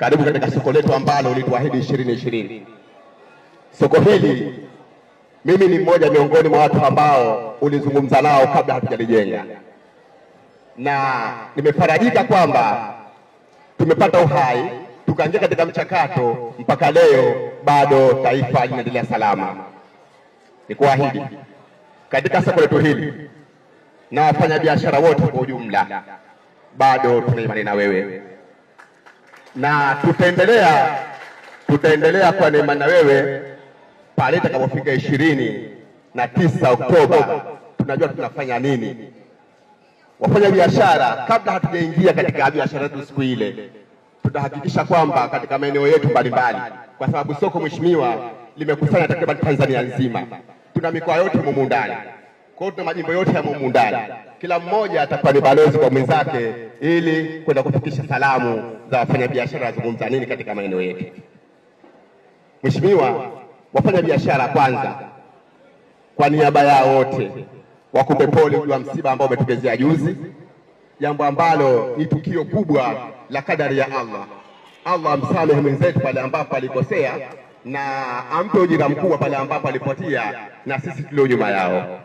Karibu katika soko letu ambalo ulituahidi ishirini ishirini. Soko hili mimi ni mmoja miongoni mwa watu ambao ulizungumza nao kabla hatujalijenga, na nimefarajika kwamba tumepata uhai, tukaingia katika mchakato mpaka leo bado taifa linaendelea salama. Nikuahidi katika soko letu hili na wafanyabiashara wote kwa ujumla, bado tuna imani na wewe na tutaendelea tutaendelea kwa neema na wewe pale itakapofika ishirini na tisa Oktoba, tunajua tunafanya nini. Wafanya biashara, kabla hatujaingia katika biashara yetu siku ile, tutahakikisha kwamba katika maeneo yetu mbalimbali, kwa sababu soko, mheshimiwa, limekusanya takriban Tanzania nzima, tuna mikoa yote humu ndani kwa hiyo tuna majimbo yote ya mumu ndani, kila mmoja atakuwa ni balozi kwa mwenzake, ili kwenda kufikisha salamu za wafanyabiashara wazungumza nini katika maeneo yetu. Mheshimiwa, wafanyabiashara kwanza, kwa niaba yao wote wakupe pole juu ya msiba ambao umetukezea juzi, jambo ambalo ni tukio kubwa la kadari ya Allah. Allah amsamehe mwenzetu pale ambapo alikosea na ampe ujira mkubwa pale ambapo alipotia, na sisi tulio nyuma yao.